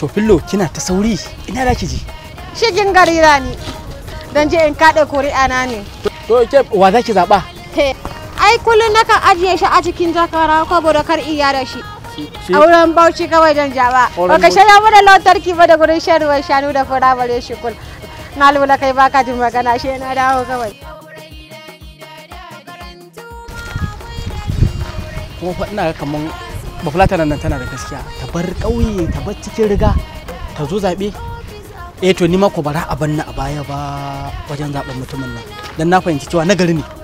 To fillo kina ta sauri ina za ki je? Shigin gari ni. Dan je in kaɗe kuri'a na ne. To ke wa za ki zaɓa? Ai kullum nakan ajiye shi a cikin jakara boda kar iya da shi. Auren bauchi kawai don jaba. Baka shaya mana lantarki ba da gurin shan ruwan shanu da fura bare shi kul. Na lura kai baka jin magana shi na dawo kawai. Kuma fa ina kaman bafulatanan nan tana da gaskiya ta bar ƙauye ta bar cikin riga ta zo zaɓe eh to ni ma ko bara a banna a baya ba wajen zaɓen mutumin nan dan na fahimci cewa nagari ne